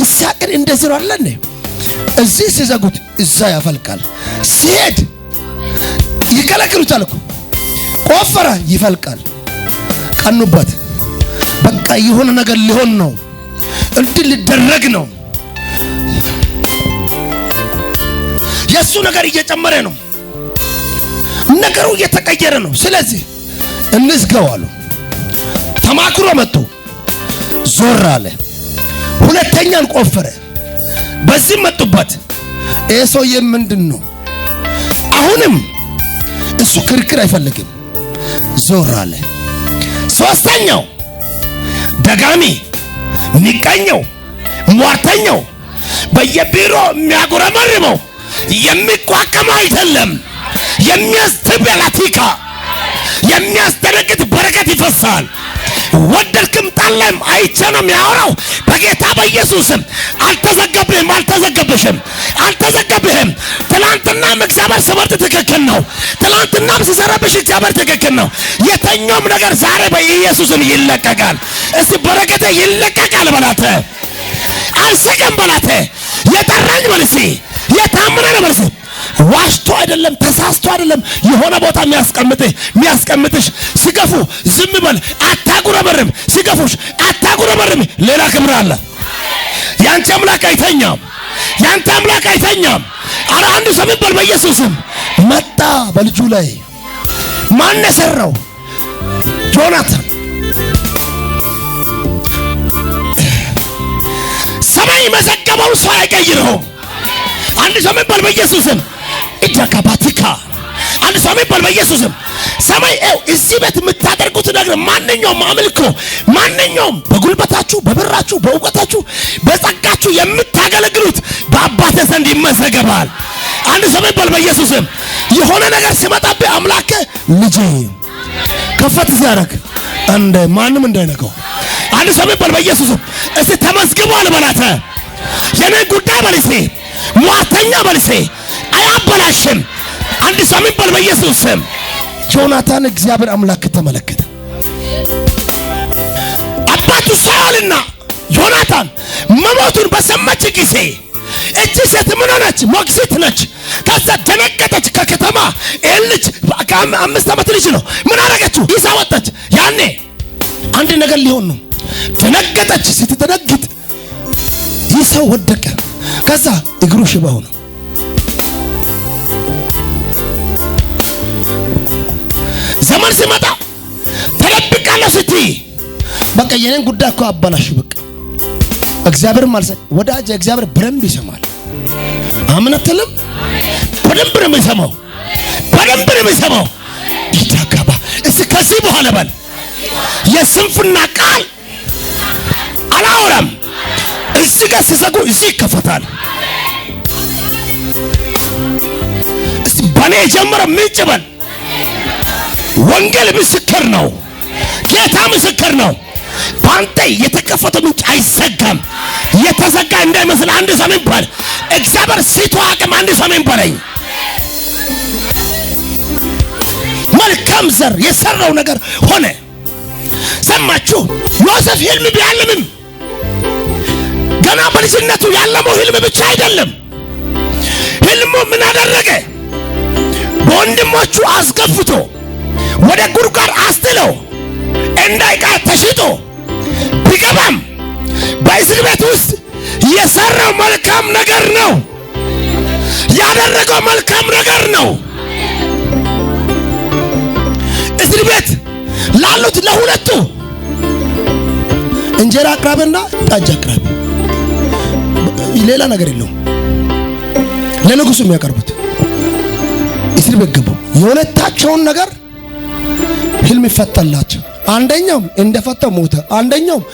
ይሳቅን እንደዚህ ነው አለ። እዚህ ሲዘጉት እዛ ያፈልቃል። ሲሄድ ይከለክሉታል እኮ ቆፈረ፣ ይፈልቃል። ቀኑበት። በቃ የሆነ ነገር ሊሆን ነው፣ እንዲህ ሊደረግ ነው። የእሱ ነገር እየጨመረ ነው፣ ነገሩ እየተቀየረ ነው። ስለዚህ እንዝገው አሉ። ተማክሮ መጡ። ዞር አለ። ሁለተኛን ቆፈረ። በዚህ መጡበት። ይህ ሰውዬ ምንድን ነው? አሁንም እሱ ክርክር አይፈልግም። ዞር አለ። ሶስተኛው ደጋሚ፣ ሚቀኘው፣ ሟርተኛው፣ በየቢሮ የሚያጉረመርመው የሚቋቋመው አይደለም። የሚያስትብ ላቲካ የሚያስደነግጥ በረከት ይፈሳል። ወደድክም ጣላም አይቼ ነው የሚያወራው። በጌታ በኢየሱስም አልተዘገብህም፣ አልተዘገብሽም፣ አልተዘገብህም። ትላንትናም እግዚአብሔር ስበርት ትክክል ነው። ትላንትናም ሲሰራብሽ እግዚአብሔር ትክክል ነው። የተኛውም ነገር ዛሬ በኢየሱስም ይለቀቃል። እስቲ በረከተ ይለቀቃል በላተ አልሰገም በላተ የጠራኝ በልሲ የታመነ ነው በልሲ ዋሽቶ አይደለም፣ ተሳስቶ አይደለም። የሆነ ቦታ የሚያስቀምጥህ የሚያስቀምጥሽ ስገፉ ዝም በል አታጉረመርም። ስገፉሽ አታጉረመርም። ሌላ ክብር አለ። ያንተ አምላክ አይተኛም። ያንተ አምላክ አይተኛም። አረ አንድ ሰው ይበል በኢየሱስም መጣ በልጁ ላይ ማን የሰራው? ጆናታን ሰማይ መዘገበውን ሰው አይቀይረውም። አንድ ሰው ይበል በኢየሱስም ኢጃካባቲካ አንድ ሰው ይባል በኢየሱስም ሰማይ ው እዚህ ቤት የምታደርጉት ነገር ማንኛውም አምልኮ ማንኛውም በጉልበታችሁ በብራችሁ በእውቀታችሁ በጸጋችሁ የምታገለግሉት በአባተ ዘንድ ይመዘገባል። አንድ ሰው ይባል በኢየሱስም የሆነ ነገር ሲመጣብህ አምላክ ልጄ ከፈት ሲያደርግ እንደ ማንም እንዳይነካው አንድ ሰው ይባል በኢየሱስም እስቲ ተመዝግቧል በላተ የኔ ጉዳይ በልሴ ሟተኛ በልሴ አይበላሽም። አንድ ሰው የሚባል በኢየሱስ ስም ዮናታን እግዚአብሔር አምላክ ተመለከተ። አባቱ ሳኦልና ዮናታን መሞቱን በሰማች ጊዜ እቺ ሴት ምን ሆነች? ሞግዚት ነች። ከዛ ደነገጠች። ከከተማ ይህን ልጅ አምስት ዓመት ልጅ ነው። ምን አረገችው? ይዛ ወጣች። ያኔ አንድ ነገር ሊሆን ነው። ደነገጠች። ስትደነግጥ ይህ ሰው ወደቀ። ከዛ እግሩ ሽባው ነው። ዘመን ሲመጣ ተለብቃለሁ ስትይ በቃ የኔን ጉዳይ እኮ አባላሽ። በቃ እግዚአብሔር ማለት ወዳጅ እግዚአብሔር በደንብ ይሰማል። አምነትልም በደንብ ነው የሚሰማው፣ በደንብ ነው የሚሰማው። ይታከባ እስቲ ከዚህ በኋላ በል የስንፍና ቃል አላወራም። እዚህ ጋር ሲዘጉ እዚህ ይከፈታል። እስቲ በኔ ምንጭ በል ወንጌል ምስክር ነው። ጌታ ምስክር ነው። በአንተ የተከፈተ ምንጭ አይዘጋም። የተዘጋ እንዳይመስል አንድ ሰሜን በል። እግዚአብሔር ሲቶ አቅም አንድ ሰሜን በለኝ። መልካም ዘር የሰራው ነገር ሆነ። ሰማችሁ? ዮሴፍ ህልም ቢያልምም ገና በልጅነቱ ያለመው ህልም ብቻ አይደለም። ህልሙ ምን አደረገ? በወንድሞቹ አስገፍቶ ወደ ጉድጓድ አስጥለው እንዳይቀር ተሽጦ ቢገባም በእስር ቤት ውስጥ የሰራው መልካም ነገር ነው። ያደረገው መልካም ነገር ነው። እስር ቤት ላሉት ለሁለቱ እንጀራ አቅራቢና ጠጅ አቅራብ፣ ሌላ ነገር የለው ለንጉሱ የሚያቀርቡት እስር ቤት ገቡ የሁለታቸውን ነገር ህልም ይፈታላቸው። አንደኛውም እንደፈታው ሞተ፣ አንደኛውም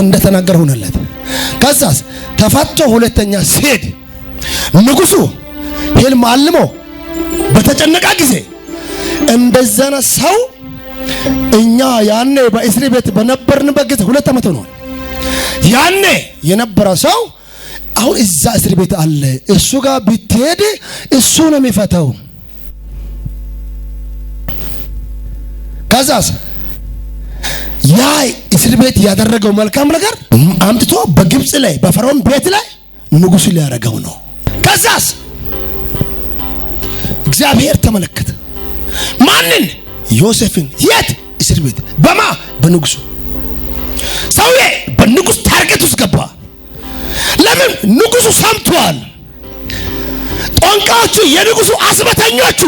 እንደተናገረ ሆነለት። ከዛስ ተፈቶ ሁለተኛ ሲሄድ ንጉሱ ህልም አልሞ በተጨነቀ ጊዜ እንደዘነ ሰው እኛ ያኔ በእስር ቤት በነበርንበት ጊዜ ሁለት ዓመት ሆኗል። ያኔ የነበረ ሰው አሁን እዛ እስር ቤት አለ። እሱ ጋር ብትሄድ እሱ ነው የሚፈታው። ከዛስ ያ እስር ቤት ያደረገው መልካም ነገር አምጥቶ በግብፅ ላይ በፈርዖን ቤት ላይ ንጉሱ ሊያደርገው ነው። ከዛስ እግዚአብሔር ተመለከተ። ማንን? ዮሴፍን። የት? እስር ቤት። በማ? በንጉሱ። ሰውዬ በንጉስ ታርጌት ውስጥ ገባ። ለምን? ንጉሱ ሰምቷል። ቋንቋዎቹ የንጉሱ አስበተኞቹ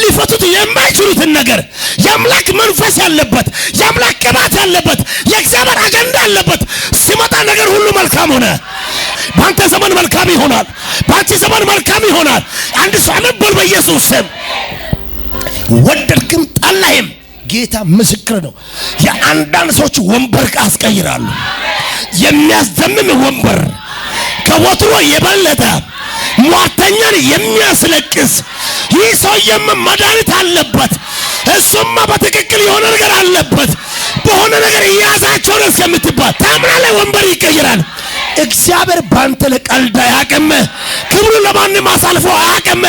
ሊፈቱት የማይችሉትን ነገር የአምላክ መንፈስ ያለበት የአምላክ ቅባት ያለበት የእግዚአብሔር አጀንዳ ያለበት ሲመጣ ነገር ሁሉ መልካም ሆነ። በአንተ ዘመን መልካም ይሆናል። በአንቺ ዘመን መልካም ይሆናል። አንድ ሰው ነበር። በኢየሱስ ስም ወደድክም ጠላህም ጌታ ምስክር ነው። የአንዳንድ ሰዎች ወንበር አስቀይራሉ። የሚያስደምም ወንበር ከወትሮ የበለጠ ሟተኛን የሚያስለቅስ ይህ ሰውዬም መድኃኒት አለበት። እሱማ በትክክል የሆነ ነገር አለበት። በሆነ ነገር እያዛቸው ደስ የምትባል ታምና ላይ ወንበር ይቀይራል። እግዚአብሔር ባንተ ለቀልዳ አያቅም። ክብሩ ለማንም አሳልፎ አያቅም።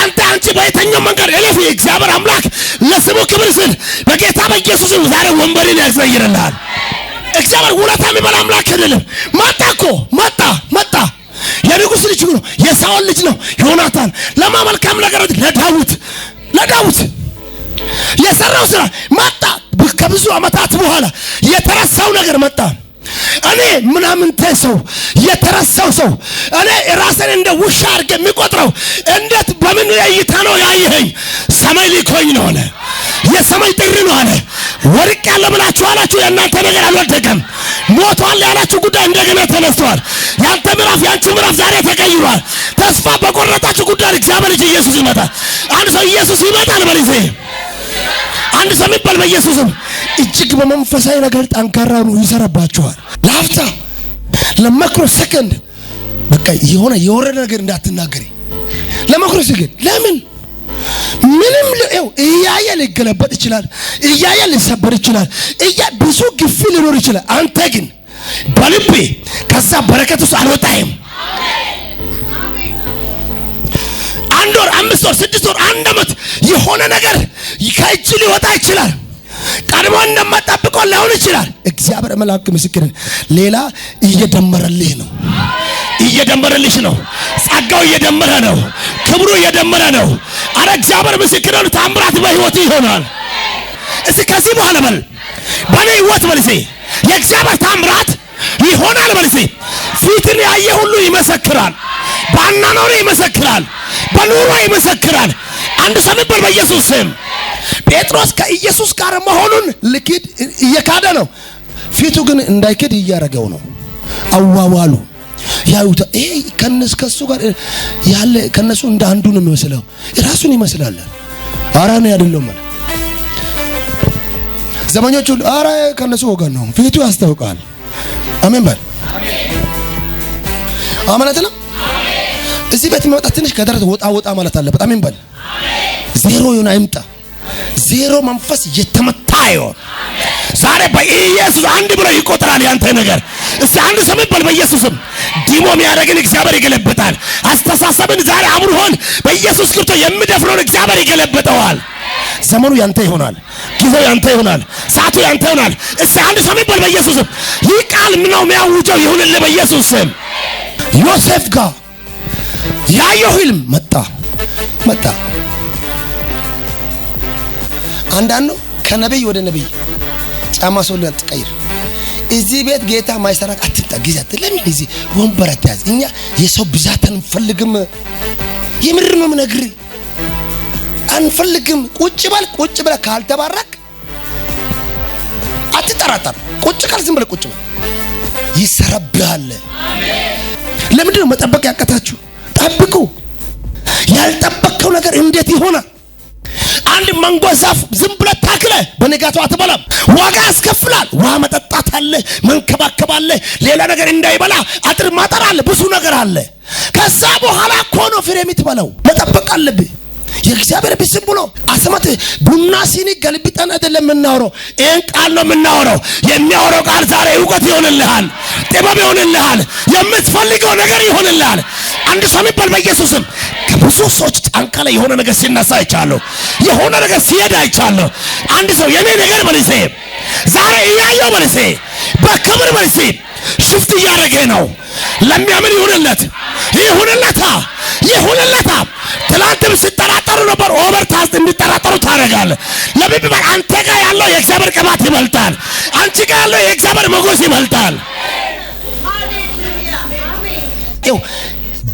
አንተ አንቺ በየተኛው መንገድ እለፍ። እግዚአብሔር አምላክ ለስሙ ክብር ስል በጌታ በኢየሱስ ዛሬ ወንበርን ያዘይርልሃል። እግዚአብሔር ውለታ የሚበላ አምላክ አይደለም። መጣ እኮ መጣ የንጉስ ልጅ ነው፣ የሳኦል ልጅ ነው ዮናታን። ለማ መልካም ነገር ለዳዊት ለዳዊት የሰራው ስራ መጣ። ከብዙ አመታት በኋላ የተረሳው ነገር መጣ። እኔ ምናምንቴ ሰው የተረሳው ሰው እኔ ራሴን እንደ ውሻ አድርጌ የሚቆጥረው እንዴት በምን እይታ ነው ያየኸኝ? ሰማይ ሊኮኝ ነው አለ። የሰማይ ጥሪ ነው አለ። ወርቅ ያለ ብላችሁ አላችሁ። የእናንተ ነገር አልወደቀም። ሞቷል ያላችሁ ጉዳይ እንደገና ተነስተዋል። ያንተ ምዕራፍ፣ ያንቺ ምዕራፍ ዛሬ ተቀይሯል። ተስፋ በቆረጣችሁ ጉዳይ እግዚአብሔር ልጅ ኢየሱስ ይመጣል። አንድ ሰው ኢየሱስ ይመጣል በል አንድ ሰው ይባል በኢየሱስም። እጅግ በመንፈሳዊ ነገር ጠንካራ ነው፣ ይሰራባችኋል። ለአፍታ ለማክሮ ሰከንድ በቃ የሆነ የወረደ ነገር እንዳትናገሪ ለማክሮ ሰከንድ ለምን ምንም ው እያየ ሊገለበጥ ይችላል። እያየ ሊሰበር ይችላል። እያ ብዙ ግፊ ሊኖር ይችላል። አንተ ግን በልቤ ከዛ በረከት ውስጥ አልወጣይም። አንድ ወር፣ አምስት ወር፣ ስድስት ወር፣ አንድ ዓመት የሆነ ነገር ከእጅ ሊወጣ ይችላል። ቀድሞ እንደማጠብቀው ላይሆን ይችላል። እግዚአብሔር መልአክ ምስክር ሌላ እየደመረልህ ነው እየደመረልሽ ነው። ጸጋው እየደመረ ነው። ክብሩ እየደመረ ነው። አረ እግዚአብሔር ምስክር ነው። ታምራት በህይወት ይሆናል። እስቲ ከዚህ በኋላ በል በኔ ህይወት በልሴ የእግዚአብሔር ታምራት ይሆናል። በልሴ ፊትን ያየ ሁሉ ይመሰክራል። በአናኖር ይመሰክራል። በኑሮ ይመሰክራል። አንድ ሰምን በል በኢየሱስ ስም ጴጥሮስ ከኢየሱስ ጋር መሆኑን ልክድ እየካደ ነው። ፊቱ ግን እንዳይክድ እያረገው ነው። አዋዋሉ ያዩታ። ይሄ ከነሱ ከሱ ጋር ያለ ከነሱ እንደ አንዱ ነው የሚመስለው፣ ራሱን ይመስላል። አራ ነው ያደለው ማለት ዘመኞቹ አራ ከነሱ ወገን ነው፣ ፊቱ ያስታውቃል። አሜን በል አማናት ነው። እዚህ ቤት የሚመጣ ትንሽ ከደረት ወጣ ወጣ ማለት አለበት። አሜን በል ዜሮ ይሁን አይምጣ። ዜሮ መንፈስ የተመታ ይሆን ዛሬ በኢየሱስ አንድ ብሎ ይቆጥራል ያንተ ነገር እስቲ አንድ ሰው ይበል በኢየሱስም ዲሞ የሚያደርግን እግዚአብሔር ይገለብጣል። አስተሳሰብን ዛሬ አምሮሆን በኢየሱስ ክርስቶስ የሚደፍረውን እግዚአብሔር ይገለብጠዋል። ዘመኑ ያንተ ይሆናል። ጊዜው ያንተ ይሆናል። ሰዓቱ ያንተ ይሆናል። እስቲ አንድ ሰው ይበል በኢየሱስም ይህ ቃል ምነው የሚያውጀው ይሁንልህ በኢየሱስ ስም። ዮሴፍ ጋር ያየው ህልም መጣ መጣ አንዳንዱ ከነቢይ ወደ ነቢይ ጫማ ሰው ልቀይር እዚህ ቤት ጌታ ማይሰራ አትምጣ ጊዜ አት ለምን እዚህ ወንበር አትያዝ። እኛ የሰው ብዛት አንፈልግም። የምር ነው ምነግር አንፈልግም። ቁጭ በል ቁጭ ብለህ ካልተባረክ አትጠራጠር። ቁጭ ካል ዝም ብለህ ቁጭ በል ይሰራብሃል። ለምንድን ነው መጠበቅ ያቀታችሁ? ጠብቁ። ያልጠበቀው ነገር እንዴት ይሆናል? አንድ ማንጎ ዛፍ ዝም ብለህ ታክለህ በንጋቱ አትበላም። ዋጋ ያስከፍላል። ውሃ መጠጥ ታጠባለህ፣ መንከባከባለህ። ሌላ ነገር እንዳይበላ አጥር ማጠር ብዙ ነገር አለ። ከዛ በኋላ እኮ ነው ፍሬ የምትበላው። መጠበቅ አለብህ። የእግዚአብሔር ብስም ብሎ አስመት ቡና ሲኒ ገልብጠን አይደለም የምናወራው፣ ይህን ቃል ነው የምናወራው። የሚያወራው ቃል ዛሬ እውቀት ይሆንልሃል፣ ጥበብ ይሆንልሃል፣ የምትፈልገው ነገር ይሆንልሃል። አንድ ሰው የሚባል በኢየሱስም ከብዙ ሰዎች ጫንቃ ላይ የሆነ ነገር ሲነሳ አይቻለሁ፣ የሆነ ነገር ሲሄድ አይቻለሁ። አንድ ሰው የኔ ነገር በልሴ ዛሬ እያየው በልሴ በክብር በሲ ሽፍት እያደረገ ነው። ለሚያምን ይሁንለት፣ ይሁንለታ፣ ይሁንለታ። ትላንትም ስጠራጠሩ ነበር። ኦቨር እንዲጠራጠሩ ታደርጋለህ። ለምን አንተ ጋ ያለው የእግዚአብሔር ቅባት ይበልጣል። አንቺ ጋ ያለው የእግዚአብሔር መጎስ ይበልጣል።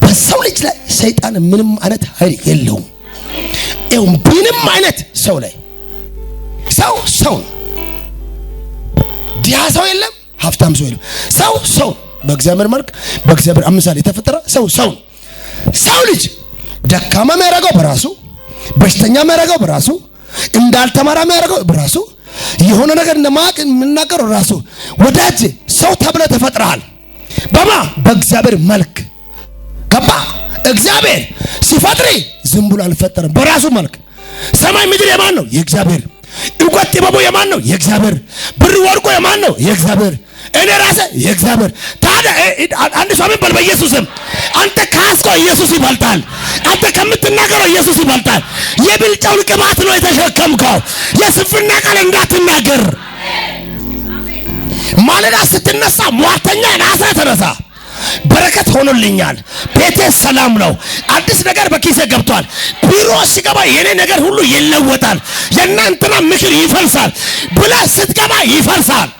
በሰው ልጅ ላይ ሰይጣን ምንም አይነት ኃይል የለውም። ይው ምንም አይነት ሰው ላይ ሰው ሰው ዲያ ሰው የለም ሀብታም ሰው የለም። ሰው ሰው በእግዚአብሔር መልክ በእግዚአብሔር አምሳል የተፈጠረ ሰው ሰው ነው። ሰው ልጅ ደካማ የሚያደርገው በራሱ በሽተኛ የሚያደርገው በራሱ እንዳልተማራ የሚያደርገው በራሱ የሆነ ነገር እንደማቅ የምናገረው ራሱ። ወዳጅ ሰው ተብለ ተፈጥረሃል። በማ በእግዚአብሔር መልክ ገባ። እግዚአብሔር ሲፈጥሪ ዝም ብሎ አልፈጠረም። በራሱ መልክ ሰማይ ምድር የማን ነው? የእግዚአብሔር እውቀት ጥበቡ የማን ነው? የእግዚአብሔር። ብር ወርቆ የማን ነው? የእግዚአብሔር። እኔ ራሴ የእግዚአብሔር። ታዲያ አንድ ሰው አሜን በል። በኢየሱስም አንተ ካስቆ ኢየሱስ ይበልጣል። አንተ ከምትናገረው ኢየሱስ ይበልጣል። የብልጫውን ቅባት ነው የተሸከምከው። የስንፍና ቃል እንዳትናገር። ማለዳ ስትነሳ ሟርተኛ ናሳ ተነሳ በረከት ሆኖልኛል። ቤቴ ሰላም ነው። አዲስ ነገር በኪሴ ገብቷል። ቢሮ ሲገባ የኔ ነገር ሁሉ ይለወጣል። የእናንተና ምክር ይፈርሳል ብላ ስትገባ ይፈርሳል።